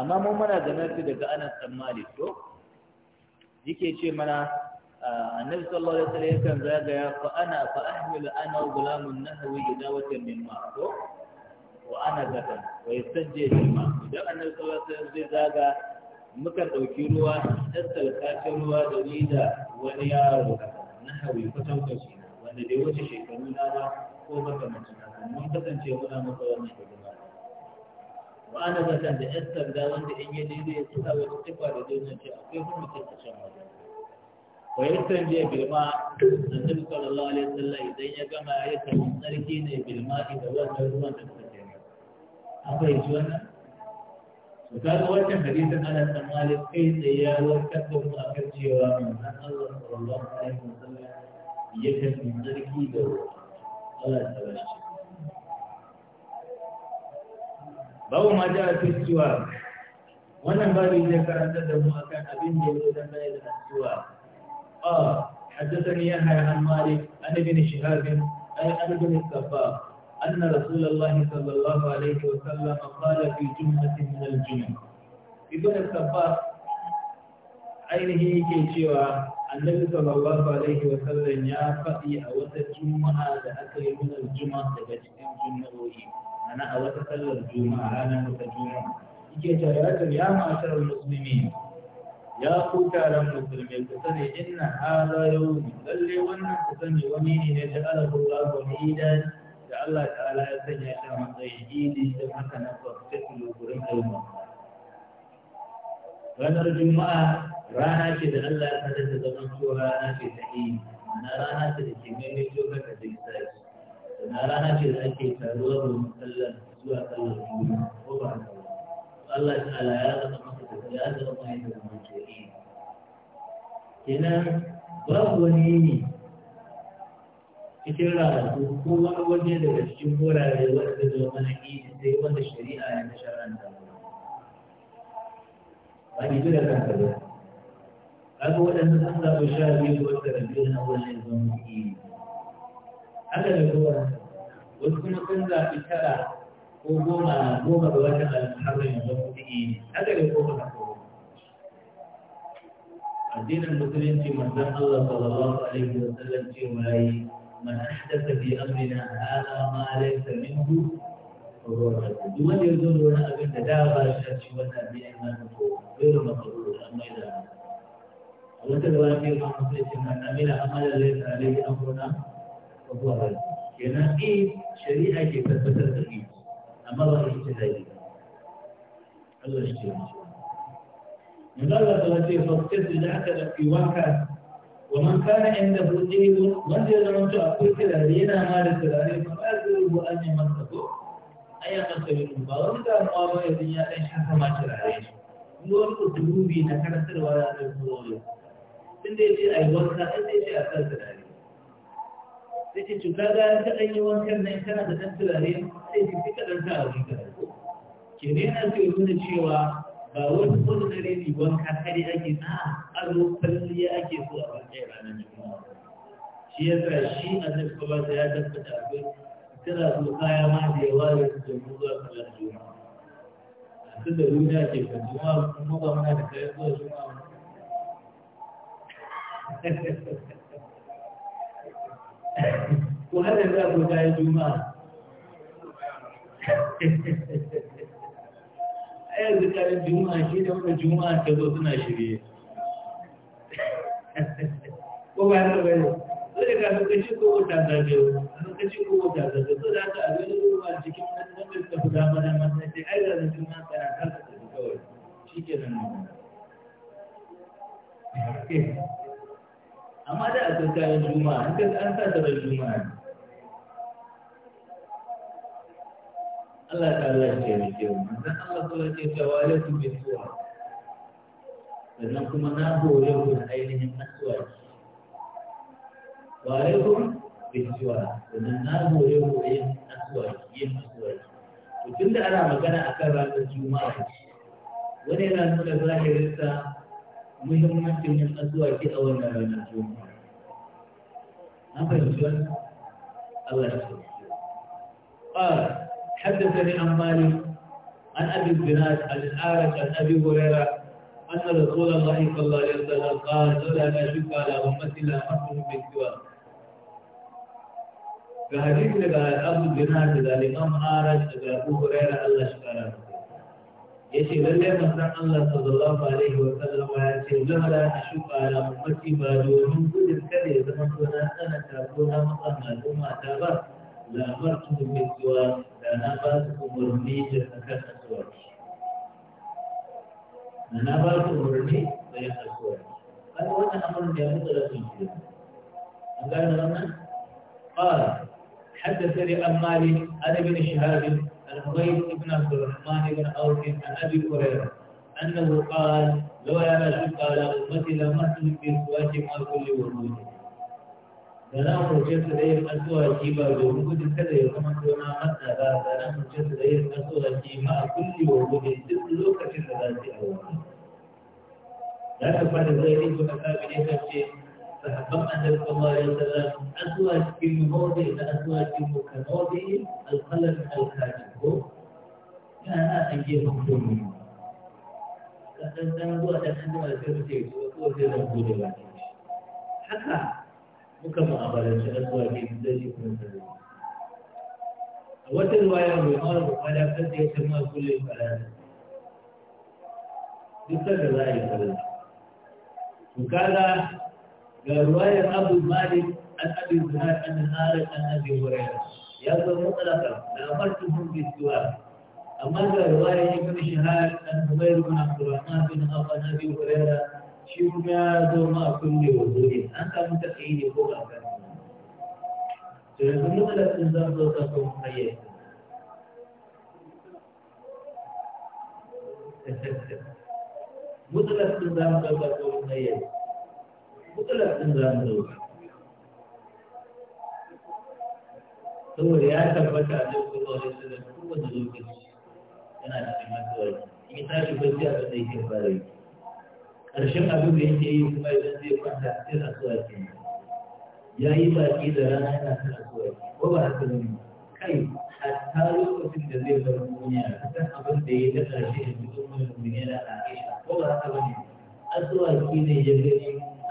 A: amma mu muna da nafi daga anas dan malik to yake ce mana annabi sallallahu alaihi wasallam yakan zagaya fa ana fa ahmilu ana gulamun nahwi idawatan min ma ko wa ana zatan wa yastajje min ma idan annabi sallallahu alaihi wasallam zai zaga mukan dauki ruwa dan talkacin ruwa da ni da wani yaro nahwi kwatan kwashi wanda bai wuce shekaru na ba ko makamancin haka mun kasance muna masa wannan hidima wa ana zatan da yastar da wanda in yaje da zai ce akwai a wa yastanjiya bilma annabi sallallahu alaihi wasallam idan ya gama ya tafi sarki ne bilma da wannan ruwan da suka tafi an fahimci wannan to kaga wannan hadisin ana tsammanin kai tsaye ya warkar da mu akan cewa manzon Allah sallallahu alaihi wasallam ya tafi sarki da Allah ta bashi babu ma ja fi cewa wannan babu zai karanta da mu akan abin da ya zo dangane da cewa قال حدثني يحيى عن مالك عن ابن شهاب عن ابن الصفاء أن رسول الله صلى الله عليه وسلم قال في جملة من الجمل ابن الصفاء ainihi yake cewa annabi sallallahu alaihi wa sallam ya faɗi a wata juma'a da aka yi min juma'a daga cikin juma'o'i ana a wata sallar juma'a ranar wata juma'a yake cewa ya matar musulmi ya ku taron musulmi ku sani inna hada yau lalle wannan ku sani wani ne na ja'ala Allah Idan da Allah ta'ala ya sanya shi a matsayin idi da haka na fasikul gurin ilmu
B: ranar juma'a rana ce da
A: Allah ya sanar da zaman cewa rana ce ta yi, na rana ce da ke mai cewa ka da lissafi na rana ce da ake taruwa domin sallar zuwa sallar juma'a ko ba haka Allah ta'ala ya zama masa da ya zama mai da mutuwi kenan babu wani yini cikin ranaku ko wani waje daga cikin wurare wanda zai mana idi sai wanda shari'a ya ta sharanta ba ni jira kan ka ba kaga waɗanda sun zaɓi sha biyu da wata rabiyu na wannan zama idi haka da kowa wasu kuma sun zaɓi tara ko goma goma ga watan alhamdulillah ya zama kuɗi ajalin goma na kowa addinin musulunci manzon Allah sallallahu alaihi wa sallam cewa yi man ahdatha fi amrina hada ma laysa minhu duk wanda ya zo da wani abin da da ba shi a cikin wannan abin ya zama ko bai ruwa makaro da an mai da a wata da wani fiye ma musulunci man amila amalan laysa alaihi amruna ko kuwa kenan eh shari'a ke tabbatar da ni أمر اجتهادي أمر اجتهادي مجرد التي فكرت ذاك في واحد ومن كان عنده دين من أن أقول كذا لينا مارس الأريف فأزره أن يمسكه أي أن مسكه المبارك المعارضة الدنيا أن حكمات العريش نور الدروبي نكرت الولاء المغولي إن ديتي أي وقت إن ديتي أساس العريش sai ce cuta ga ta ɗanyi wankan nan tana da ɗan turare sai ce fita ɗan ta wani ka ke ne yana so nuna cewa ba wani ordinary ne wanka kare ake na aro kwalliya ake so a kan kai ranar juma'a shi ya sa shi a nan kuma da ya tabbata akwai tana so kaya ma da yawa da su domin zuwa kalar juma'a tun da duniya ke kan juma'a kuma ba muna da kayan zuwa juma'a [laughs] ko har juma'a a yanzu karin juma'a shi da wanda juma'a ta zo suna shirye ko bai da kashi ko wata kashi ko wata a ruwa cikin wanda fi dama da ce ai kasa kawai
B: amma da a kai kayan juma'a in ka an sa ta
A: ran juma'a Allah ta Allah ce mai kyau manzon Allah kuma ce tawalatu bi suwa sannan kuma na hore ku da ainihin asuwa wa alaikum bi sannan na hore ku da yin asuwa yin asuwa to tunda ana magana akan ranar juma'a wani yana nuna zahirinsa muhimmancin yin في من الأزواج ranar juma'a na fahimci wannan Allah ya so قال حدثني عن مالك عن ابي الزناد عن الاعرج عن ابي هريره ان رسول الله صلى الله عليه وسلم قال لا نشك على امتي لا مسلم من سواه
B: فحديث لك
A: ابو الزناد اذا الامام اعرج اذا ابو هريره الله شكرا yace lalle manzon Allah sallallahu alaihi wa sallam ya ce lahala ashuka ala ummati ba domin gudun kada ya zama ko na tsananta ko na matsan al'umma ta ba la amartu bi suwa da na ba su umarni da sakar asuwar da na ba su umarni da yin asuwar an wannan amurin da ya mutu da sun shi an gane wannan قال حدثني عن مالك عن ابن شهاب الحبيب بن عبد الرحمن بن عوف عن ابي هريره انه قال لو يا على امتي لما تنك في سواتي مع كل وجودي Dana hujjar su da yin asuwa shi ba domin kada ya kuma tona mata ba, dana hujjar su da yin asuwa shi a kulli wa gudun duk lokacin da za su yi a wani. Za ka zai rinko na sabi ne kan فحكم النبي صلى الله عليه وسلم أزواج في موضع أزواج في القلم الخلف الكاتب كان أيهم دونه فأنه أن أنه الكرسي وقوة ذنبه لبعضه حكى وكما أن أزواج في كنت وفي رواية عمر ولا قد يسمى كل الفلاسفة ذكر ذلك وكذا رواية أبو مالك عن أبي زهار أن هارت عن أبي هريرة يبدو مطلقا لأمرتهم بالسؤال أما رواية ابن شهاد عن زبير بن عبد الرحمن بن أبي أبي هريرة شوف يا دوما كل وجودي أنت متقين يقول فيكون [laughs] مطلق الزرد تكون حياة مطلق الزرد تكون حياة mutular ɗin za mu zo saboda ya tabbata a cikin kuma wani sirrin kowane lokaci yana cikin matsalar ina ya shi bacci abin da yake fara yi ƙarshen abin da yake yi kuma idan zai kwanta sai rasuwa ke ya yi baƙi da rana yana ta rasuwa ko ba haka ne kai a hatta lokacin da zai bar duniya kasan abin da ya ta ƙarshe da mutum mai mummune da aisha ko ba haka ba ne asuwaki ne ya gani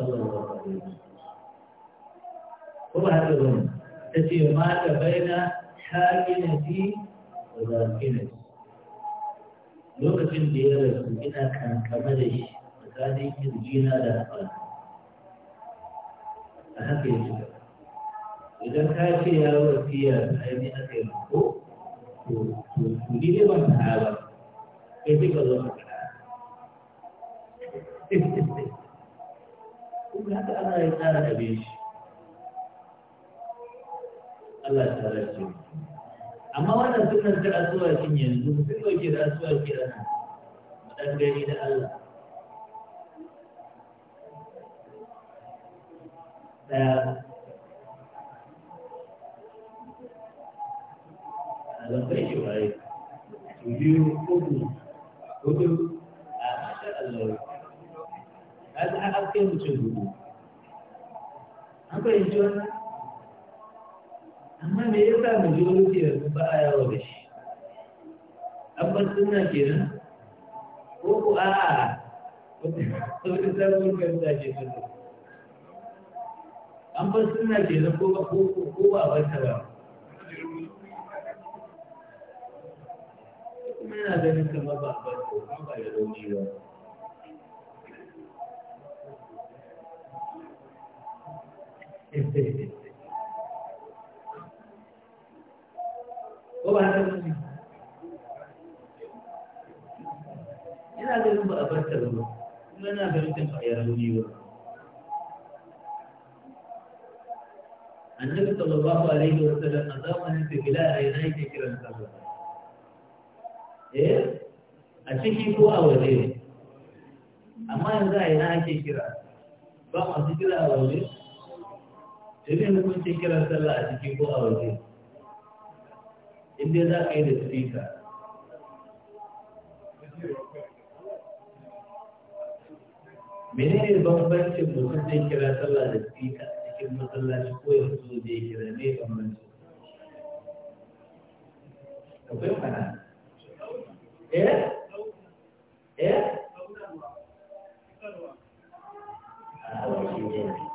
A: الله عليه وسلم هم التي مات بين حاكمة وذاكمة لوكة ديالة كنا كان كمدش وكان يجينا لأقل أحب يجب إذا كان فيها وفيها فأيني أتعلم تجيلي من هذا كيف يقول الله تعالى saboda haka Allah ya tsara abin shi Allah ya tsara amma wannan sunan ta yanzu asuwaki a nan gani da Allah ɗaya shi waye biyu uku hudu a Allah kaga a an kai mutum dubu amma me ya mu ji wani ke yanzu ba a shi suna kenan ko ku a wani sabon fahimta ce ta zo suna kenan ko ba ko ba kuma yana ganin ba ba ko ba da ko ba ta wani ina ganin ba a barta ba kuma yana ganin kan a yaro ne ba annabi sallallahu alaihi wa sallam a zamanin da bila a yana yake kiran sallah eh a ciki ko a waje amma yanzu a yana ake kira ba masu kira a waje irin hukuncin kiran sallah a ciki ko a waje inda za ka yi da spika
B: menene bambancin mutum zai kiran
A: sallah da spika cikin masallaci ko ya fito da ya kira ne bambanci akwai mana eh eh a ah, wajen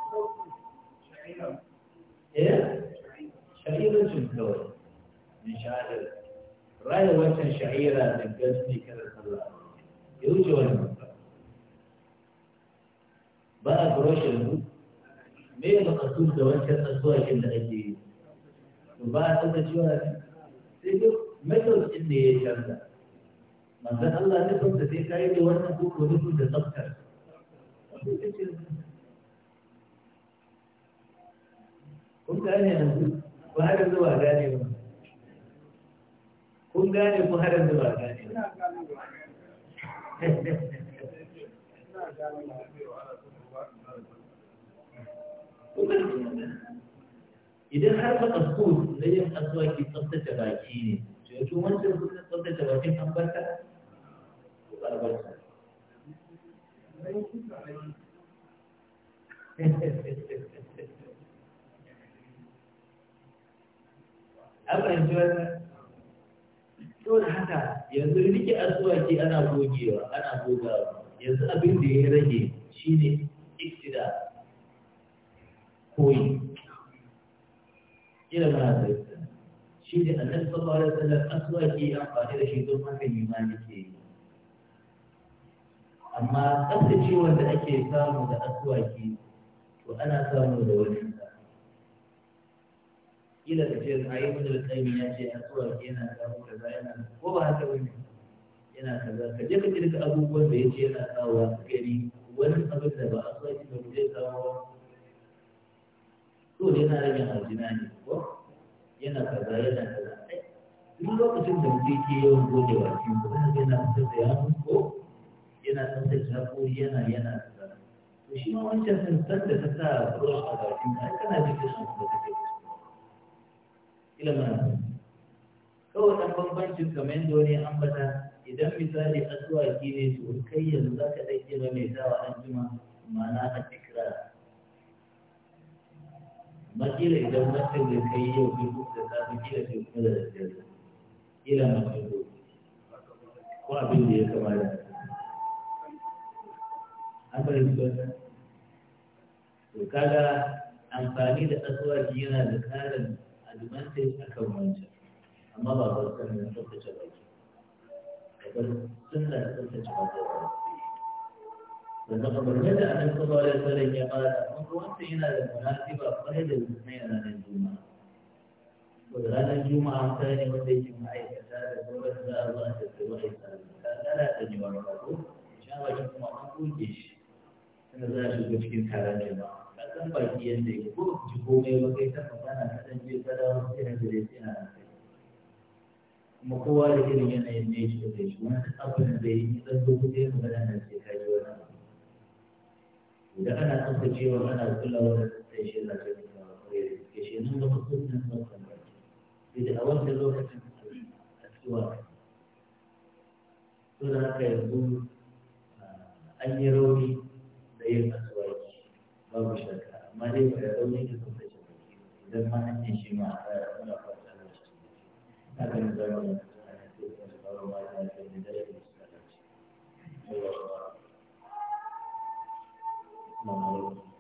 A: قليل الجمهور نشاهد رأي وجه شعيرة تنقذني كذا الله يوجه المنطقة بقى بروش الموت مين مقصود ده وجه الأسواق اللي أجيه وبقى تبدأ شوها تيجي مثل إني يشرد manzan Allah ne kun da sai kai da wannan koko ne kun da tsaftar ku har zuwa gane ba kun gane ku har zuwa gane idan har ba kasko na yin asuwa ke tsaftace baki ne to yato wancan kuma tsaftace bakin an barka ko ba Thank you. [laughs] an fahimci wannan to da haka yanzu rike asuwaki ana gogewa ana gogawa yanzu abin da ya rage shine iktida koyi ila mana da shi ne annabi sallallahu alaihi wasallam asuwaki amfani da shi don haka imani ke yi amma tsaftace wanda ake samu da asuwaki to ana samu da wani kila da ce a yi da ya ce an yana kaza yana ko ba haka wani yana kaza ka je ka kirka abubuwan da ya ce yana kawo gari wani abin da ba a so ake da zai kawo to yana rage harjina ne ko yana kaza yana kaza duk lokacin da mutum ke yawan goge baki ko yana fitar da yawon ko yana tsantsace haƙori yana yana kaza to shi ma wancan sun da ta sa brush a bakin ka kana jikin su da kake kila mana kawai ɗan bambancin kamar yadda wani ambata idan misali asuwaki ne to kai yanzu za ka ɗauke ba mai sawa an jima ma'ana a tikira makila idan mutum da kai yau bi da safe kila sai kuma da daddare kila mace ko ko abin da ya kamata an bari su wata to kaga amfani da asuwaki yana da ƙarin المنزل أكبر من الجنة أما بعض الأسئلة من أنت تجربة أكبر سنة أنت تجربة لما بدأ من صلى الله عليه وسلم قال أنظر أنت هنا للمناسبة قريب الاثنين على الجمعة وغدا الجمعة الثانية وذي الجمعة الثالثة وغدا الله تسوى ثلاثة جمعة إن شاء الله جمعة تكون جيش أنا زاد شو بفكر كلام جماعة san baki yadda ya ko ji komai ba kai ta magana ta dan je ta dawo sai na gare sai na kai kuma kowa da irin yanayin ne shi da shi wani abin da zai yi dan zo mu magana da sai ka ji wannan idan ana tsaftacewa mana kulawa da sai shi za ka yi ya shi nan ga mutum nan ba baki da a wannan lokacin a cewa to da haka yanzu ah, an yi rauni da yin asali babu shakka amma dai ba da rauni da kuma ce idan ma an shi ma a kara muna fata da shi na ganin zamanin da ta hanyar da ta faru ma da ta yi da ya yi suka dace. shi.